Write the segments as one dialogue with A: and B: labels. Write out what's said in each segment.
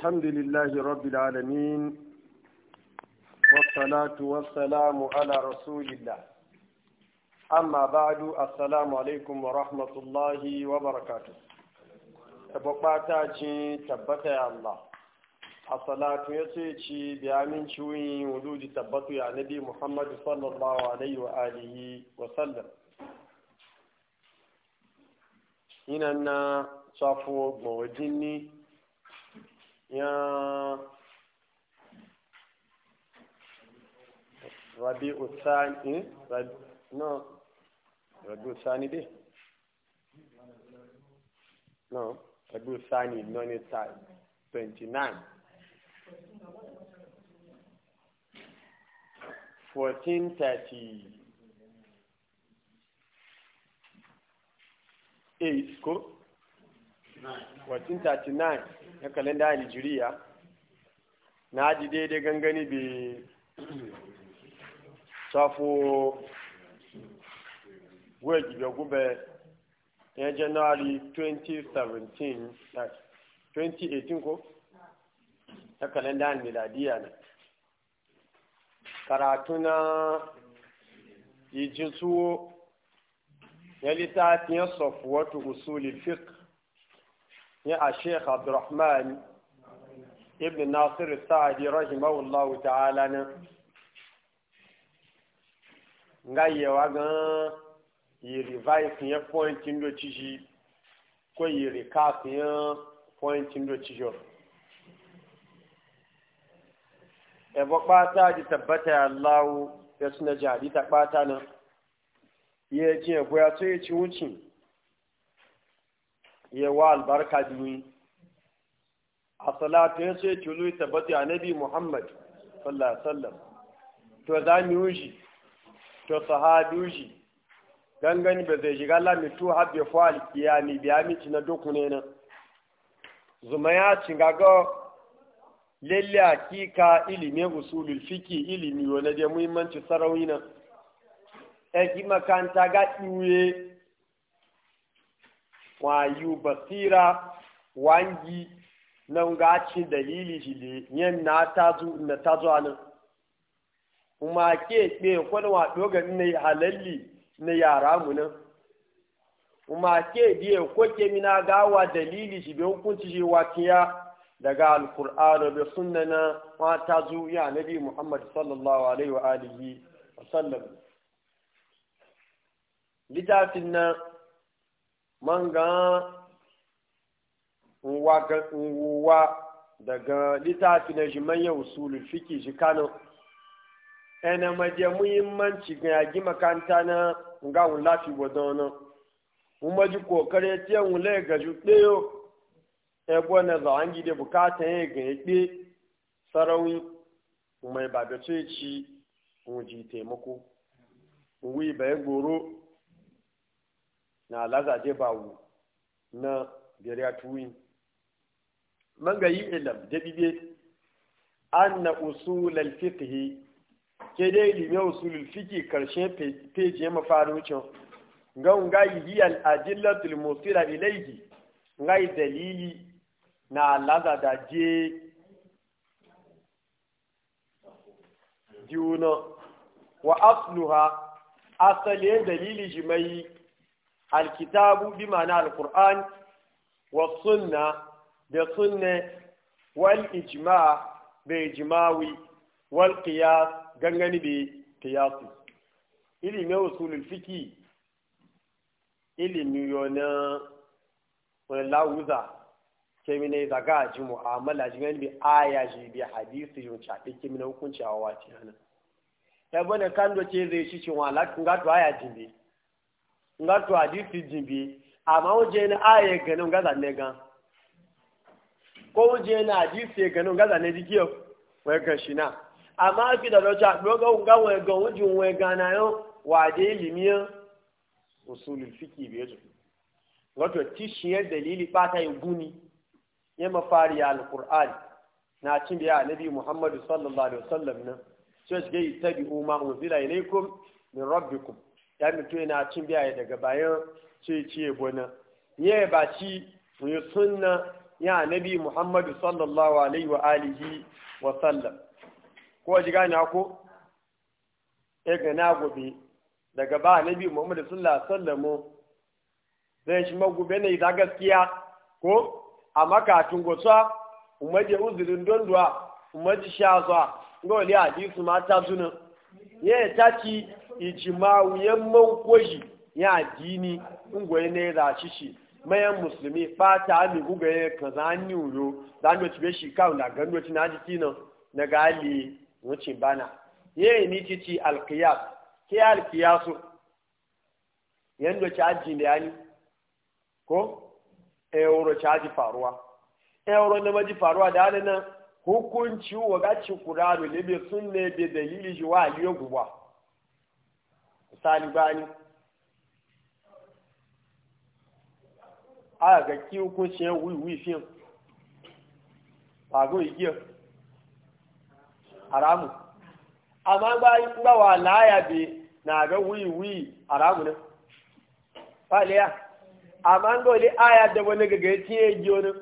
A: الحمد لله رب العالمين والصلاة والسلام على رسول الله أما بعد السلام عليكم ورحمة الله وبركاته تبقى تبت يا الله الصلاة يسيتي بأمين شوي ولود تبت يا نبي محمد صلى الله عليه وآله وسلم هنا صفو موجيني yan rabi usani eh? rabi no rabi usani de no rabi usani noni ta twenty nine fourteen thirty eight ko fourteen thirty nine. na kalenda aljiriya na ji daidai gangani bi safo gwaji ga gube na january 2017 2018 eh, ko na kalenda miladiya ne karatu na yi jisuwo ya littafin sofuwatu usulil fiqh ni a sheikh abdurrahman ibn nasir sa'adi rahimahullahu ta'ala ne nga yewa gan yi revise yẹn point ndo chichi ko yi recap yẹn point ndo chichi ebo kpata di tabbata ya allahu ya suna jadi ta kpata nan ya so ya ci wucin yawa albarka duni a salatu ya ce tulu ya a nabi muhammad sallallahu alaihi wasallam to za mu yi to sahabi shi gangani ba zai shiga lami tu habbe fal kiyami biya mi na dokune na zuma ya cinga ga lalle hakika ilimin usulul fiki ilimi wani da muhimmanci sarauni na e makanta ga iwe wayu basira wangi nan gaci dalili shi da yin na tazu na tazu anan kuma ke be wa dogan ne halalli na yara mu nan kuma ke biye ko ke mina gawa dalili shi be hukunci shi kiya daga alkur'ani da sunna na ta zo ya nabi muhammad sallallahu alaihi wa alihi wa sallam littafin nan man ga nwuwa daga littafi na shi manyan usulul fiki shi kano ɗana maje muhimmanci ga yagi makanta na ga wulafi wadono kuma ji kokare tiyan wule ga juɗeyo ebo na zawon gide bukata ya ga yaɗe sarauni mai ba da ce ci wuji taimako wuyi bayan goro na lazaje bawu na biyar tuwi man ga yi ilam da bibe an na usulul fiqh ke dai ne usulul fiqh karshe page ya mafari wucin ga ga yi al ajillatul musira ilayhi ga yi dalili na da je diuna wa asluha asali dalili jimai alkitabu bi ma'ana alkur'an wa sunna da sunne wal ijma da ijmawi wal qiyas gangani bi qiyasi ilimin usulul fiqi ilimin yana wani lawuza kemine zaga a ji mu'amala ji gani bi aya ji bi hadisi yun caɗe kemine hukunci a wace hana ya bane kando doce zai shi cin wa lakin gato aya jimbe nga to hadisi jimbi amma waje na aye ganin nga zanne gan ko waje na se ganin nga di dikiyo wai ga shi na amma fi da rocha doga nga wai ga wujin wai gana yo waje ilimiya usulul fiqi biyo wato tishiyar dalili ta yi guni ya mafari alkur'ani na cin biya Alabi muhammadu sallallahu alaihi wasallam nan sai su ga tabi'u ma unzila ko min rabbikum ya mutu yana cin biya daga bayan ce ce gona ya ba ci mai sunna ya nabi muhammadu sallallahu alaihi wa alihi wa sallam ko ji gane ako ya ga na gobe daga ba nabi muhammadu sallallahu alaihi wa sallam zai shi magube ne da gaskiya ko a makatun gosa umaje uzurin donduwa sha zuwa ngoli hadisi mata zuna ya ta ci ijimawuyen mankwaji ya dini ngwaye na ya zaci shi mayan musulmi fata mai ya ka zani wuro zani wacce bai shi kawo na gan wacce na jiki nan na gali wuce bana yayi ni ci ci alkiyas ke alkiyasu yadda caji da yani ko euro eh, caji faruwa euro eh, na maji faruwa da hannun hukunci wa gaci kuranu ne bai sun ne bai dalili shi wa aliyu guba talibani A ga ki hukunci ya wiwi fiye fago igiyar haramu amma bayan gawa laya bi na ga wiwi haramu ne faliya amma dole aya da wani gaga tiye giyo ne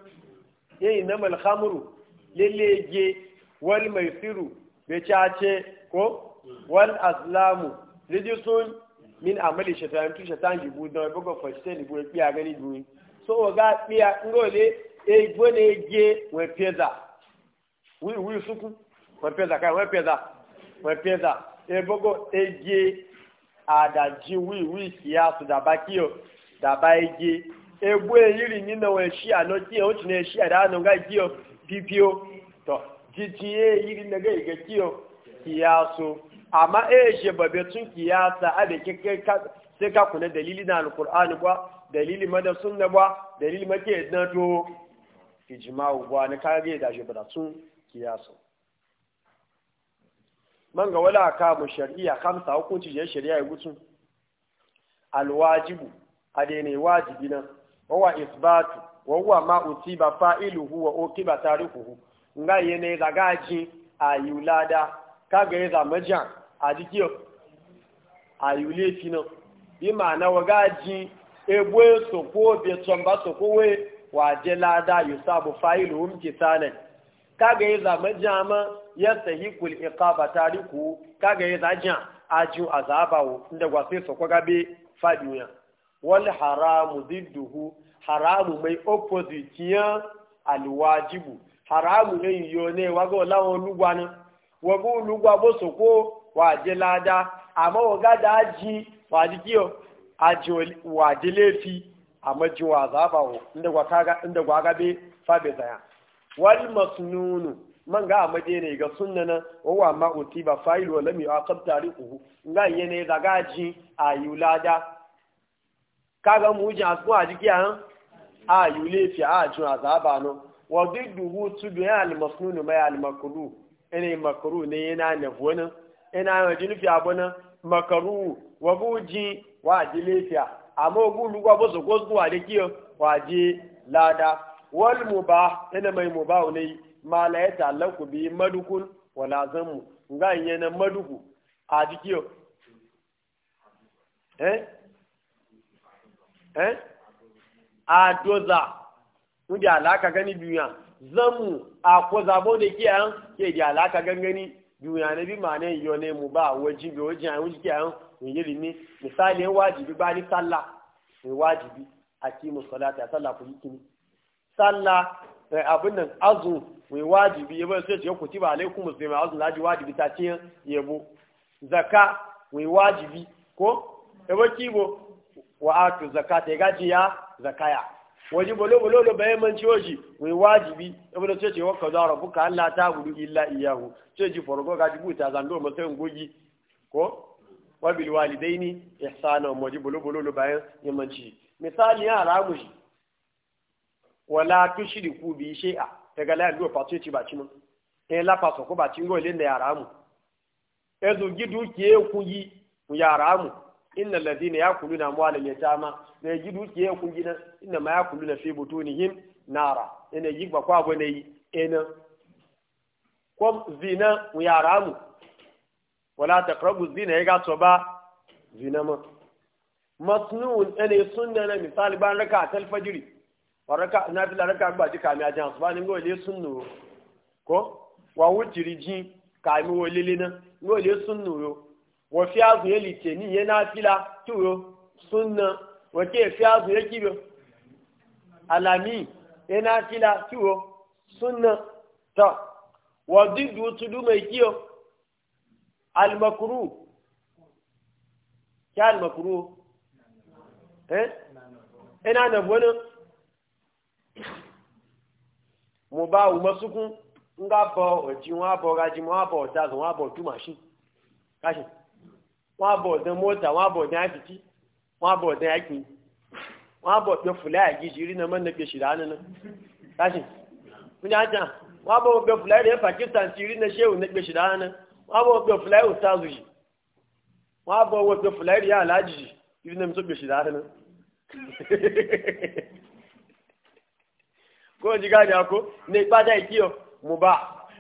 A: yayi na malhamuru lillege wal maisiru be cace ko mm. wal aslamu rijisun min amali shaitan tu shaitan jibu don bugo fashe ni buwe piya gani duwi so wa ga piya ngole e gbone e je we peza wi wi suku we peza ka we peza we peza e bugo e je adaji si ya kiya su da bakiyo daba ba e je e ni na we shi ano ti o ti ne shi ada no ga kiyo pipio to titi e yiri na ga ga kiyo kiya so amma eh, shi je babe tun kiyasa a da kike sai ka kuna dalili na alqur'ani ba dalili mada sunna ba dalili make na to ijma'u ba na kage da shi bada tun kiyasa man ga wala ka mu shari'a kamsa hukunci je shari'a ya gutsu alwajibu ne wajibi nan wa isbatu wa ma utiba fa'iluhu wa uqiba tarikuhu ngai ne zagaji ayulada kaga ya àdíkíọ̀ àyùlé ìfinà bí màá náà wọ́n gáà jín egbó sòkó obì tọ̀m̀bá sòkó wé wà jẹ́ ládàá yóò sáàbù fáìlì òun ti sálẹ̀ kága ìzà mẹ́jà mọ́ yẹ́sẹ̀ híkùl ìka bàtàrí kú kága ìzà jàn ájú àzàbàwò ndẹ̀gbà sí mai opposite wàjẹ́ ládàá àmọ́ ọ̀gádà á jí kí o àjò wàjẹ́ léèfi àmọ́ ju àzábà wò inda gwa gabe fàbẹ̀ zaya wal masnunu man ga amade ne ga sunnana wa wa ma utiba fa'il wa lam yu'aqab tariquhu nga yene daga kaga mu a a ma ne yana ne ina yana jini fi abu makaru wa buji wa ji lafiya amma ogun lugwa ba su gosu wa da kiyo wa ji lada wal mu ba ina mai mu ba ne ma la ya talaku bi madukun wa lazanmu nga yin na maduku a ji kiyo eh eh adoza mun da alaka gani duniya zamu a ko zabo da kiyan ke di alaka gangani juya ne bi ma ne yo ne mu ba wajibi waje an wuce an mu yiri ni misali en wajibi ba ni sallah ni e wajibi mu salata salla ku salla sallah eh, abun nan azu mai wajibi yabo sai ce ku ba alaikum muslima azu laji wajibi ta ce yabo zaka mai wajibi ko yabo kibo wa atu zakata ga ji ya zakaya waje bolo-bolo da bayan man ciwoji mai wajibi ya bude ce ce wa kaza rabu ka Allah ta gudu illa iyahu ce ji farko ga dubu ta zando matsayin gogi ko wa bil walidaini ihsana waje bolo-bolo da bayan ya man ci misali ya ramu shi wala tushriku bi shay'a daga la do fa ce ba cinu eh la fa so ko ba cingo le ne ya ramu ezu gidu ke ku yi ku ya ramu innal ladina yakuluna amwalal yatama ne yi ya kun gina inna ma yakuluna fi butunihim nara ene yi ba kwa bane yi ene ko zina mu yara mu wala taqrabu zina ya gato ba zina ma masnun ene sunna na misali ban raka tal fajiri raka na bila raka ba ji kami ajan su ba ni ngole sunnu ko wa wujiri ji kami wo lili na le sunnu yo wafi azu ya litini ya nafila turo sunna wake fi azu ya kibo alami ya nafila turo sunna ta wa didu tudu mai kiyo almakuru kya almakuru eh ina da wani mo ba wu masukun nga bo oji won abo gaji mo abo ta won abo tu machine kashi wọn bọ̀ ọ̀dán mọ́ta wọn bọ̀ ọ̀dán àtìtì wọn bọ̀ ọ̀dán àkì wọn bọ̀ ọ̀dán fúlẹ̀ àgìjì rí náà mọ́nà gbèsè rà nínú láti fún yá jà wọn bọ̀ ọ̀dán fúlẹ̀ rẹ̀ pakistan ti rí náà ṣéwù gbèsè rà nínú wọn bọ̀ ọ̀dán fúlẹ̀ òtázù yìí wọn bọ̀ ọ̀dán fúlẹ̀ rẹ̀ aláàjì rí náà tó gbèsè rà nínú. kó o jí gáàdì àkó ní ìpájà ìkí ọ mùbá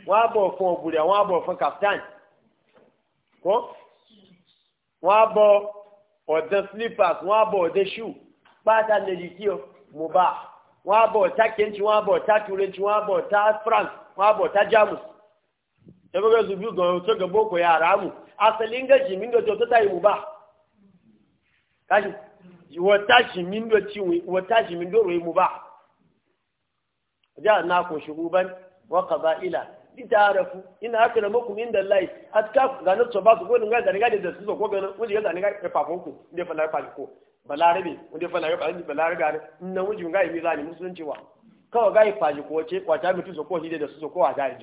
A: wọn bọ̀ fún ọ̀bùrẹ̀ wọn bọ̀ fún kaftan kọ́ wọ́n á bọ ọ̀dán slippers wọ́n á bọ ọ̀dán shoe pátá lèyí kí o mo bá wọ́n á bọ ọ̀tá kẹ́ńtì wọ́n á bọ ọ̀tá turenci wọ́n á bọ ọ̀tá france wọ́n á bọ ọ̀tá jamus tẹ́fẹ́fẹ́ zubiu gan tó gan boko ya ara mu asali nga jimi nga tó yìí mu bá kájú wọ́tá itarafu ina haka na mukum inda lai hatta ga na so ba su gwanin ga da su ko ganin wuji ga zaniga ka fafa ko fa na wuji yi zani musulunci kawai ga yi faji ko ko da su ko a ga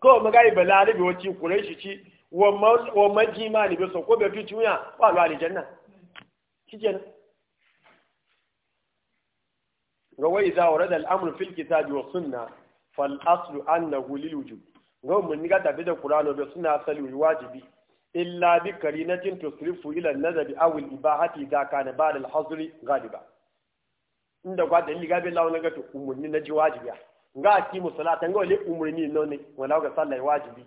A: kawai ma ga yi wace kureshi ci wa so ko bai ga wai za fil kitabi wa sunnah fal aslu annahu lil wujub ga mun ni ga tabi da qur'ano be suna asali wajibi illa bi karinatin tusrifu ila an-nazari aw al-ibahati idha kana ba'da al-hazri galiba inda kwa dalili ga be lawo na ga to umurni na ji wajibi ga ki musalata ga le umurni no ne wala ga sallai wajibi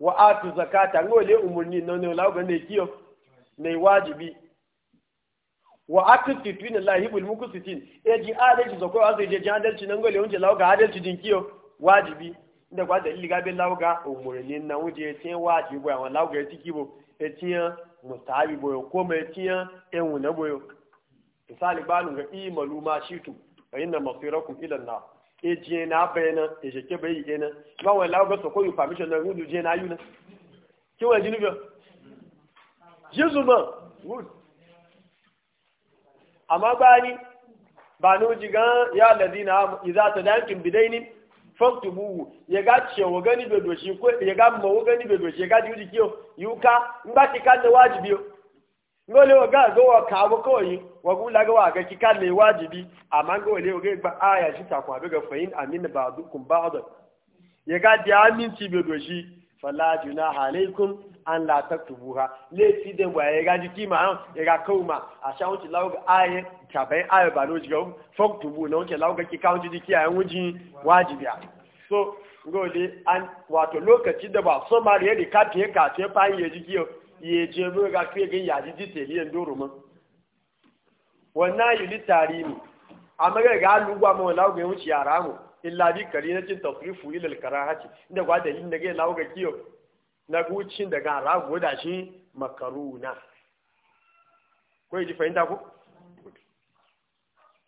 A: wa atu zakata ga le umurni no ne wala ga ne kiyo ne wajibi wa aqti fi Allah yibul muqsitin e ji adalci zakoi wa zai je ji adalci nan gole wunje lawo ga adalci din kiyo wajibi inda kwa dalili ga be lawo ga umurnin na wuje tin wajibi bo awon lawo ga e tiki bo ya e tiyan mustahabi bo ko ya e tiyan e wuna bo misali banu ga i maluma shitu fa inna masirakum ila an-nar e ji na bayana e je bai yi kenan ba wai lawo ga zakoi permission na wudu je na yuna ki wa jinugo Yesu ma, amma ni ba no jigan ya ladina idza tadantum bidainin faktubu ya ga cewa gani be doshi ko ya ga mawo gani be doshi ya ga ji yi yuka in ba ti kan da wajibi ngole wa ga go wa kawo kawai wa gu ga wa ga ki kan le wajibi amma ngole wa ga ba aya shi ta kwa be ga fayin amin ba'dukum ba'd ya ga di amin ci be doshi fala junaha alaikum an la le ti de wa ga ji ki ma e ga ma a sha wuce ga aye tabai aye ba no bu faktubu na wuce lauga ki aye won ji wajibi wajibiya so le an wato lokaci da ba so ma re ka ti ka ye ji ya o ye je bu ga ki ga ya ji te mo doro mun wannan yuli tarimi amma ga ga mo mu ga won wuce yara mu illa bi kari na cin tasrifu ila al karahati inda gwa dalilin da ga ki kiyo na gucin daga ragu da shi makaruna ko ji fahimta ku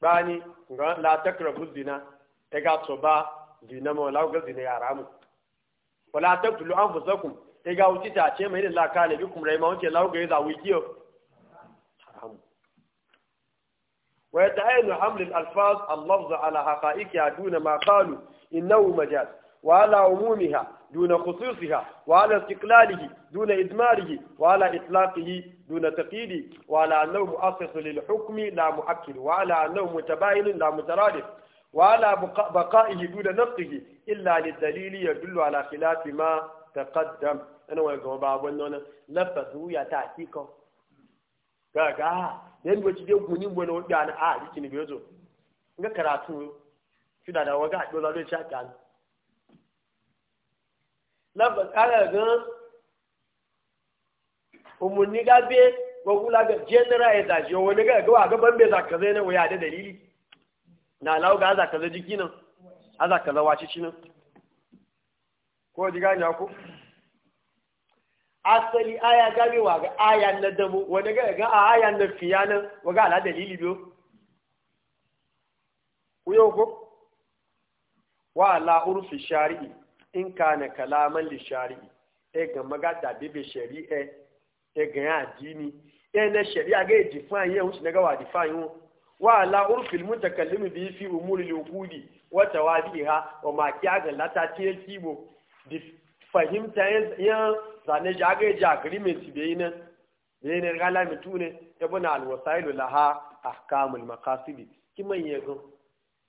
A: bani ga la takrabu zina ta e ga to ba zina ma la ga zina yara mu wala taqtulu anfusakum ta e ga wuci ta ce mai la kana bikum rai ma wuce la ga yaza wikiyo haram wa yata'ayyu haml al-alfaz al-lafz ala haqa'iqiha duna ma qalu innahu majaz وعلى عمومها دون خصوصها وعلى استقلاله دون إدماره وعلى إطلاقه دون تقييده وعلى أنه مؤسس للحكم لا مؤكد وعلى أنه متباين لا مترادف وعلى بقائه دون نقضه إلا للدليل يدل على خلاف ما تقدم أنا ويقول بابا أنه لفظه يتعتيك كاكا dan wace dai guni wani wani a cikin biyo zo ga karatu shi da da waga lábẹ̀ kárẹ̀ gan umarni gabe gwagula ga general ya zaji yawon wani gaga wa gaban bai zaka zai na waya da dalili na alawu ga zaka zai jiki nan a zaka zai wace shi nan ko ji gani ku asali aya gabe wa ga aya na damu wani gaga ga a aya na fiya nan wa ga ala dalili biyo ku yau ko wa ala urufi shari'i in kana kalaman li shari'i e ga magada bibe shari'e e ga ya dini e na shari'a ga define yau shi daga wa define wo wa la urfil mutakallim bi fi umuri al-uqudi wa tawadiha wa ma kiya ga lata ce kibo fahimta ya zane ga ja agreement da yi nan ne yi nan gala mutu ne ya buna alwasailu laha ahkamul maqasidi kiman yazo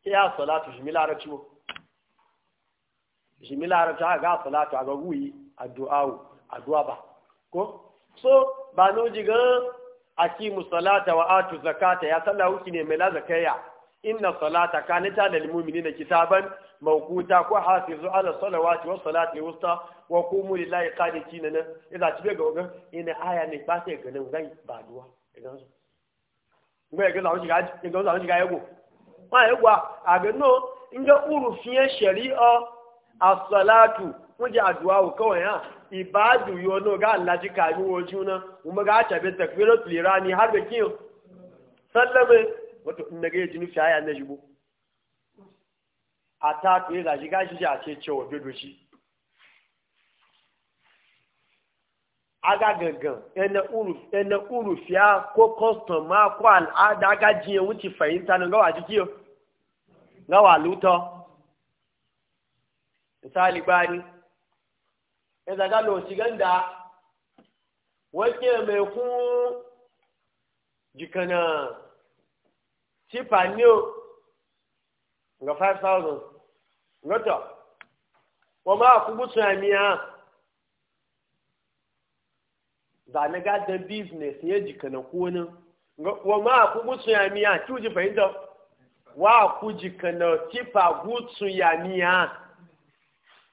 A: ya salatu shi milara jimi larabci a ga salatu a ga wuyi a du'a ba ko so ba no jiga akimu salata wa atu zakata ya sallah wuki ne mai zakaya inna salata kanita lil mu'minina kitaban mawquta ko hafizu ala salawati wa salati wusta wa qumu lillahi qanitina na idza tibe ga ga ina aya ne ba sai ganin nan ba duwa idan so ngwe ga lawo jiga ga lawo jiga yego ba yego a ga no inga urufin shari'a as-salatu kuje addu'a kawai ha ibadu yo no ga Allah ji kayi woju na kuma ga ta be takbiratul irani har da kiyo sallame wato in daga jinu shaya na jibo ata to ya ji gashi ja ce cewa bedo shi aga gangan ene uruf ene uruf ya ko custom ma ko al'ada ga jiye wuce fahimta na ga wa jikiyo ga wa luto misali bani ya zaga loci ganda wake mai ku jikana cipa cipaniyo ga 5,000 ngoto wa ma ku gutsu amiya za na gadon business ya jikana konin wa ma ku gutsu amiya ki uji fahimta wa ku jikana cipa gutsu amiya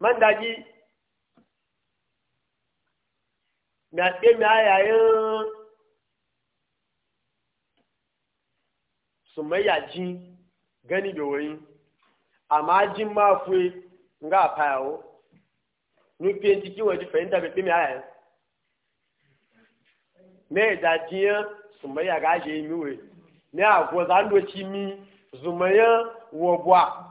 A: man daji mi a tse mi a sumayya ji gani da wani amma jin ma fue nga a fayawo nufi ciki waje fahimta bai mi a yayin me da jiyan sumayya ga je mi we ne a gwa zan doci mi zumaya wobwa.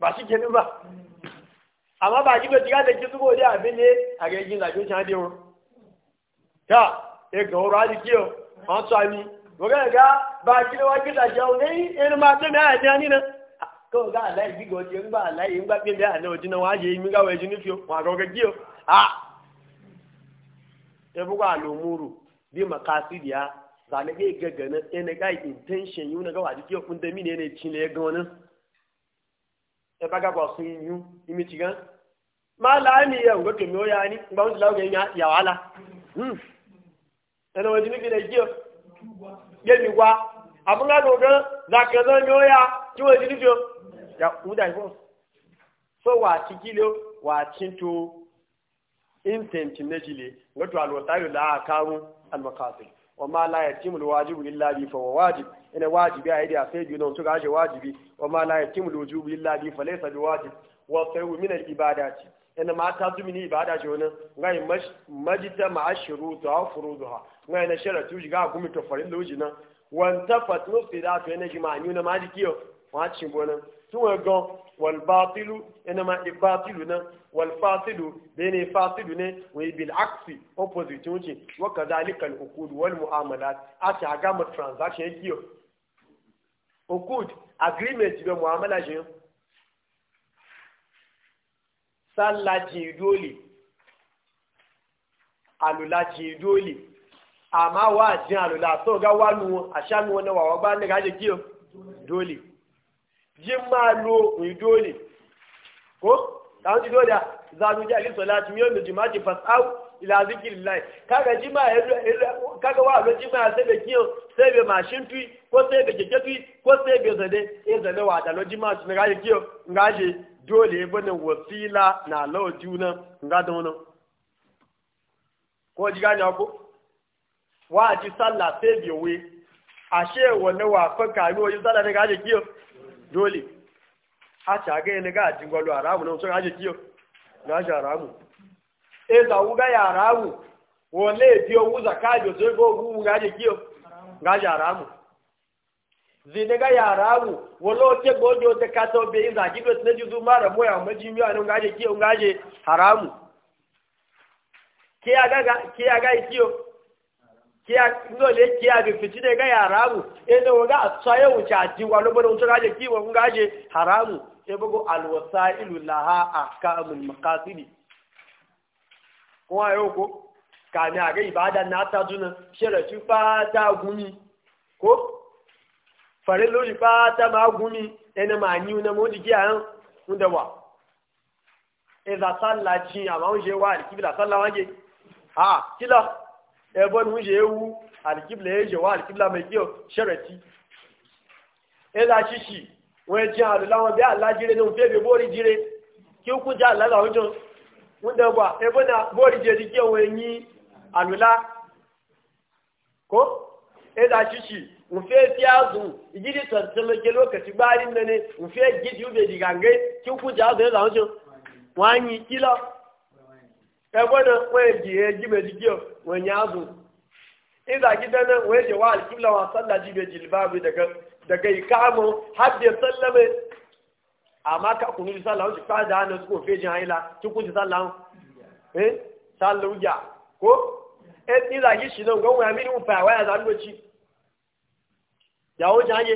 A: ba shi kenan ba amma ba a gaji da ki zubo da ne a ga yin zafi can dewo ta e ga horo ali kiyo an tsami waga ga ba ki da waki da jawo ne in ma to a na ko ga Allah bi go je ba Allah in ba bi da na ojina wa je mi ga wa jini fiyo wa ga ga kiyo a e bu ga lo muru bi makasidiya zalege gagana ene ga intention yuna ga wa kun ne le ga e baga kwa su yu imi cigan ma la hmm. ni ya ngo to mi ya ni ngba un la ya ya wala hmm ene jio mi wa na ka zo mi ya ti wa ya u dai so wa ti kilo wa tinto intent nejile wato alwasayu la akamu almaqasid wa ma la yatimul wajibu illa bi fa wajib ina wajibi a yi sai biyu nan suka ashe wajibi wa ma la yatim lujubi illa bi fa laysa bi wajib wa sayu min al ibadati ina ma ta zumi ni ibada ce wani ngai majita ma ashiru ta furuduha ngai na sharatu ji ga gumi to farin loji nan wan tafat nufsi da to ina ji ma ni na ma ji kiyo cin bonan tuwa gan walbatilu ina ibatilu na walfasidu da yana fasidu ne wani bil'aksi opposite wuce waka zalikal ukudu wal mu'amalat a ta gama transaction ya kiyo ukud agreement bai mu'amala shi sallaji dole alulaji dole amma wa jin alula so ga wani a shanu wani wawa ba ne ga kiyo dole yin ma lo kuyi dole ko ta hanci dole za mu ji a lisa fasau ila lai kaga jima kaga lo jima sai da kiyo mashin tui keke tui ko sai da zade e zade wa da lo jima su ga dole bane wasila na lo juna nga dono ko ji ganya ko wa ji sallah sai ashe dole a caga yana ga ajin gwalo haramu na sun aje kiyo na aje haramu e za wuga ya haramu wale biyo wuza kajo sai go gu ga aje kiyo ga aje haramu zine ga ya haramu walo te gojo te kato be in za gibe tne juzu mara moya majimi anu ga aje kiyo ga aje haramu ke aga ke aga kiyo dole kiya bi fiti daga yaramu inda waga a tsaye wuce a jiwa lokacin wuce gaje kiwon gaje haramu ya e bugu alwasa'ilu laha a kamun makasidi kuma yau ko kami a ga ibada na ta juna shirafi ba ta gumi ko farin lori ba ta ma gumi yana ma ni na modi giya yan wunda wa e za sallaci amma wunje wa alkibila sallawa ke ha kila ebon wuje yewu alkibla ya jewa alkibla mai kiyo sharati ila shishi wọn jẹ alulawọn bí alajire ní jire kí na bóòrí jẹ díkẹ́ wọn alula ko ila shishi òfin fi azùn ìjírí tọ̀tẹ̀mẹ̀kẹ́ lókàtí gbáàrí nẹni òfin gidi ó bèèrè gàngẹ́ kí ó kú jẹ azùn ẹ̀là ọjọ́ ẹgbọ́nà wọ́n èjì èjì méjìdí ọ̀ wọ́n yẹn azù ìdá gídá náà wọ́n èjì wá àlùkíbla wọn sálà jí méjì báàbí daga ìka àmọ́ hábìyẹ sálẹ́mẹ́ àmọ́ kakùnrin ti sálà wọn ti pàdé àná tó kò fèjì hàn ilá tó kù ti sálà wọn ẹ sálà ó yà kó ẹ ìdá yìí náà gbọ́n àmì ìwọ̀n fà wáyà sá ló yàwó jáde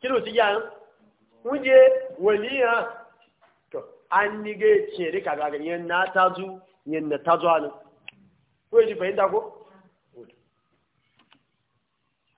A: kí ti an ni ga ce rika ga ganyen na ta zu yin na ta zuwa nan ko ji fahimta ko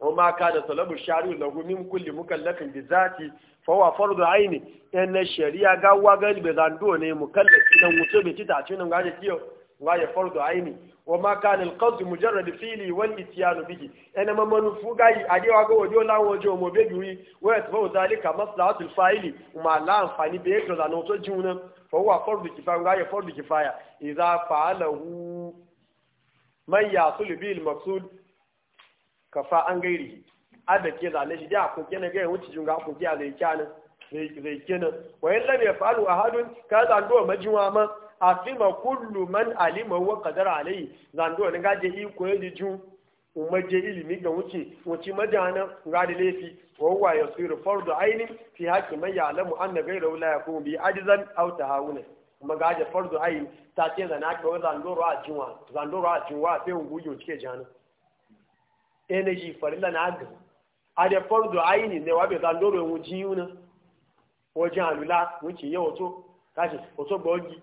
A: o ma ka da salabu shari'u lahu min kulli mukallafin bi zati fa wa fardu aini yan na shari'a ga wa ga be zando ne mukallafi dan wuce be ci ta ci nan ga kiyo waye fardu aini wa ma kana alqad mujarrad fi'li wal ityan bihi ana ma manufu gai wa go wojo la wojo mo be duwi wa yatfa zalika maslahatul fa'ili ma la anfani be to da no to juna fa huwa fardu kifaya waye fardu kifaya idza fa'alahu man yasul bil maqsud kafa an gairi ada ke zale shi da ko kene ga wuce junga ko ke zai kana zai kenan wa illa bi fa'alu ahadun kaza ndo majiwa ma asima kullu man alima wa qadara alayhi zando ne gaje iko yaji ju je ilimi ga wuce wuce madana ga da lafi wa huwa yasiru fardu aini fi haqqi man ya'lamu anna ghayra la yakunu bi ajzan aw tahawuna kuma gaje fardu aini ta ce zana ka wa zando ro a jinwa zando ro a jinwa sai un gujo cike jana energy farilla na ga a da fardu aini ne wa be zando ro wuce yuna wajen alula wuce yawo to kashi wato bogi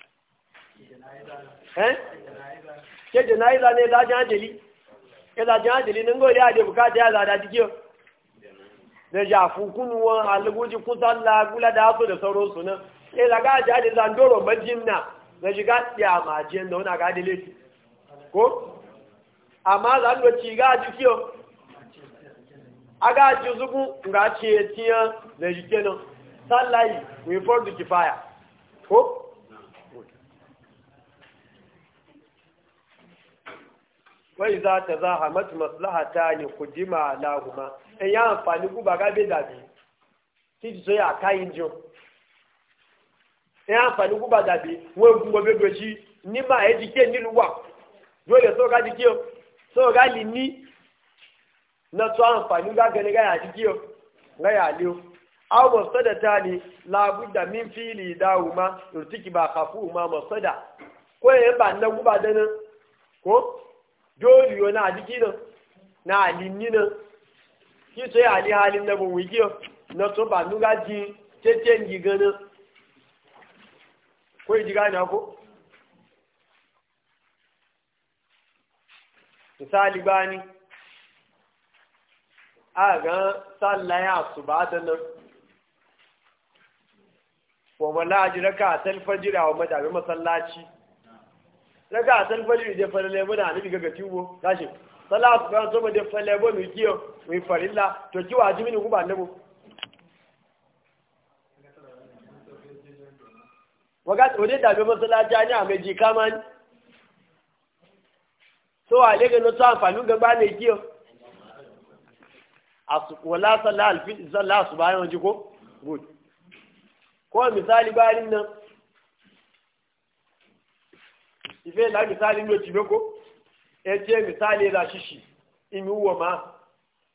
A: ṣe jẹ̀náìzà na ìdájọ́ àjèlí ìdájọ́ àjèlí ní ngóòrí àjẹ́ bukata yà zàdá jíkí o lẹ́jà fúnkúnnù wọn alúgbójí kúta lágúlá dáàtò da sauransu náà ìlàgá àjẹ́ a máa jẹ́ ẹ̀nà ọ̀nà àgáde lẹ́tì kó àmà zàndó tí ga àjú kí o agá àjú zúgún ngá tí ẹ̀ tí wai za ta za hamat maslahata ne ku jima lahuma in ya amfani ku ba gabe da bi ki ji so ya kayin jin in ya amfani ku ba da bi wai kun gobe doshi ni ma ya jike ni luwa dole so ga jike so ga lini ni na to amfani ga gani ga ya jike ga ya liyo aw mafsadata ne labudda min fili dawuma yurtiki ba khafu ma mafsada ko ya ba na guba danan ko dole yo na jiki nan na alinni nan ki sai ali halin da na to ba nuga ji cece ji gana ko ji gana ko misali bani a ga sallaya su ba da nan wa mala ajraka tal fajira wa daga asan fali je falale mu na ni ga tubo gashi salatu ga to de falale mu mi kiyo mi farilla to ki wajibi ni ku ba nabu waga to de dabe masallaci ani a meji kaman to ale ga no to amfani ga ba ne kiyo asu wala salal fi zalla subhanahu wa ta'ala ko misali barin nan ife la misali ndo chibeko eje misali la shishi imi uwa ma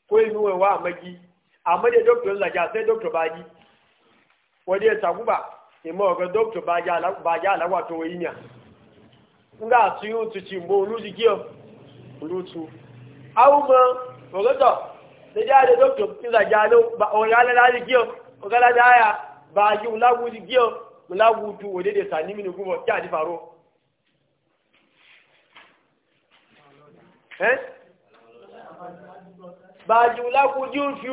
A: ko imi uwa wa magi amma da doctor la ja sai doctor baji wadi ta kuba imo ga doctor baji ala baji ala wato yinya nga tuyu tuchi mbo luji kio lutu au ma ogoto sai ja da doctor ila ba o la li kio o kala ulawu li ulawu tu wode de sanimi ni kubo ja faro Eh? bàjì lákòójú ń fi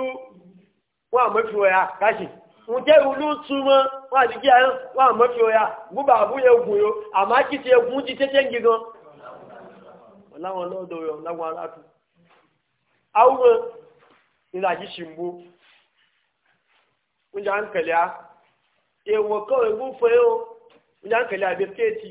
A: wọn àmọ́ fi ọ̀yà káṣì ǹjẹ́ ìlú túmọ̀ wọn àti kí àyàn wọn ya, fi ọ̀yà gbúgbà àbúyẹ ogun yo àmọ́ kí ti egun ti tẹ́tẹ́ ń gigan láwọn lọ́dọ̀ yọ láwọn aláàtú àwọn ìlàjì ṣìmbó oúnjẹ à ń kẹ̀lé a èèwọ̀ kọ́ ìgbó o a bẹ́ẹ̀ kéètì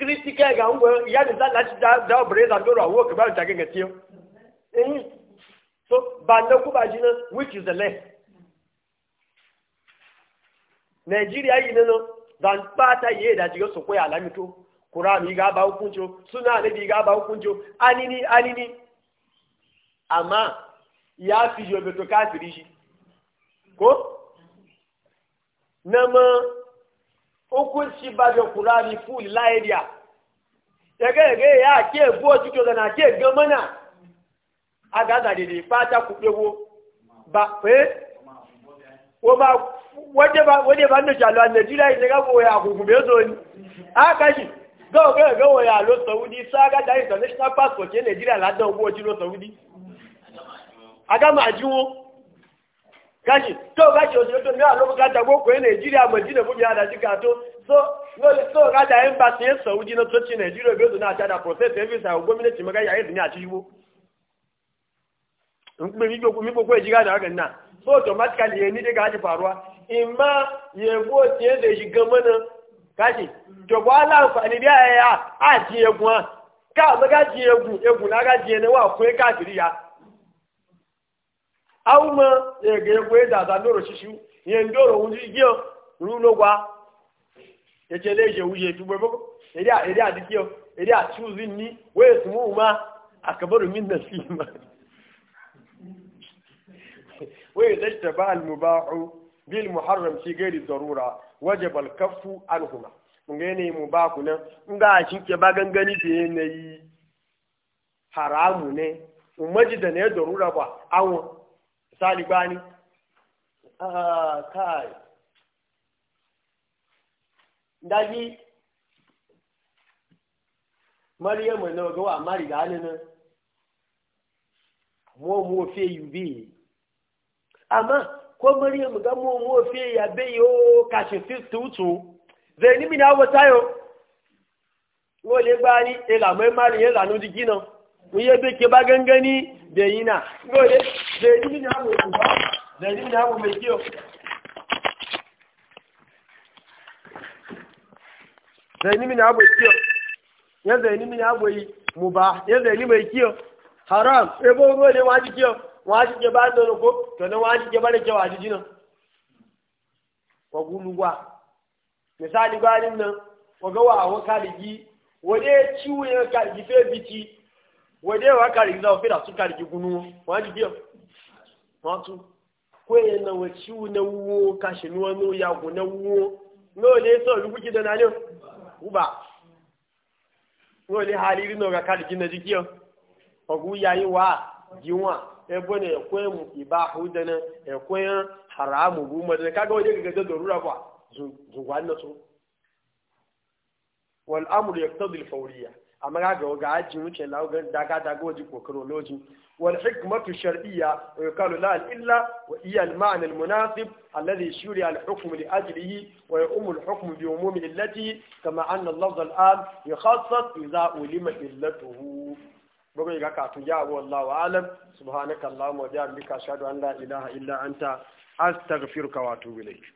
A: kiriti kai ga hangon ya da zan lati da obere da ndoro awo ka ba ta ga gatiyo eh so ba na ku ba jina which is the left Nigeria yi nano dan pata ye da jigo so ko ya to Quran yi ga ba hukunjo suna ne bi ga ba hukunjo anini anini ama ya fi yo beto kafiri shi ko nama si ba ni kurani la lahiriya ya ga ya ya e buwa cuto jo na ke gamana a aga da ta ku pewo ba pe wo ba de ba de ba da jalo an Najeriya ne ga ko ya ku be zo ni a ji go go go wo ya lo sa ga da international passport ke Najeriya la dan lo so Saudi aga ma ajiwo gashi to gashi o to ni alo bukata go ko Nigeria mo jina bo biada jika to so no so ga da embassy in Saudi na to chi Nigeria be do na ta da process every sa go mi ti maga ya ni ati yiwo nkpe mi gbo mi gbo ejiga da ga na so automatically ye ni de ga ji faruwa imma ye go ti e de jiga mana gashi to bo ala fa ni biya ya a ji egun ka o ga ji egun egun na ga ji ene wa ku e ka tiri ya auma ya ga egwe da ndoro shishu ye ndoro wuji gyo rulo gwa yace le je wuje tu bebo eri a eri a dikio eri a chuzi ni we sumu ma akabaru min nasima we tajtaba al mubahu bil muharram fi ghairi darura wajib al kaffu anhuma ngene mubahu nan nga shinke ba gangani be ne haramu ne umaji da ne darura ba awon misali gbani ah kai ndaji maryamu na ga wa mari ga na mo mo fe yubi amma ko maryamu ga mo mo fe ya be yo ka se tutu zeni mi na wo tayo wo le gbani e la mo e mari e la no di gina kuye be ke ba gangani da yina gode da yi na mu ba da yi na mu mai kiyo da yi na mu kiyo ya yi na yi mu ba ya mai kiyo haram e bo gode wa kiyo wa ke ba da ko to na wa ke ba da ke wa ji jina ko misali ba nan ko ga wa wede wa kari za ofira su kari gunu wa ji biyo wa tu ko na wa ci na wo ka shi no no ya gu na wo no le so lu kuji na le uba no le hali ri no ga kari ji na ya yi wa ji wa ebo ne ekwe mu ibahu da e da amma ga ga ga wuce lawo ga daga daga wal hikmatu shar'iyya wa yuqalu la illa wa iya al al munasib alladhi shuri al hukm li ajlihi wa umul al hukm bi umum illati kama anna al lafz al am yukhassas idha ulima illatuhu bugu ga ka tun ya wallahu alam subhanaka allahumma wa bihamdika ashhadu an la ilaha illa anta astaghfiruka wa atubu ilayk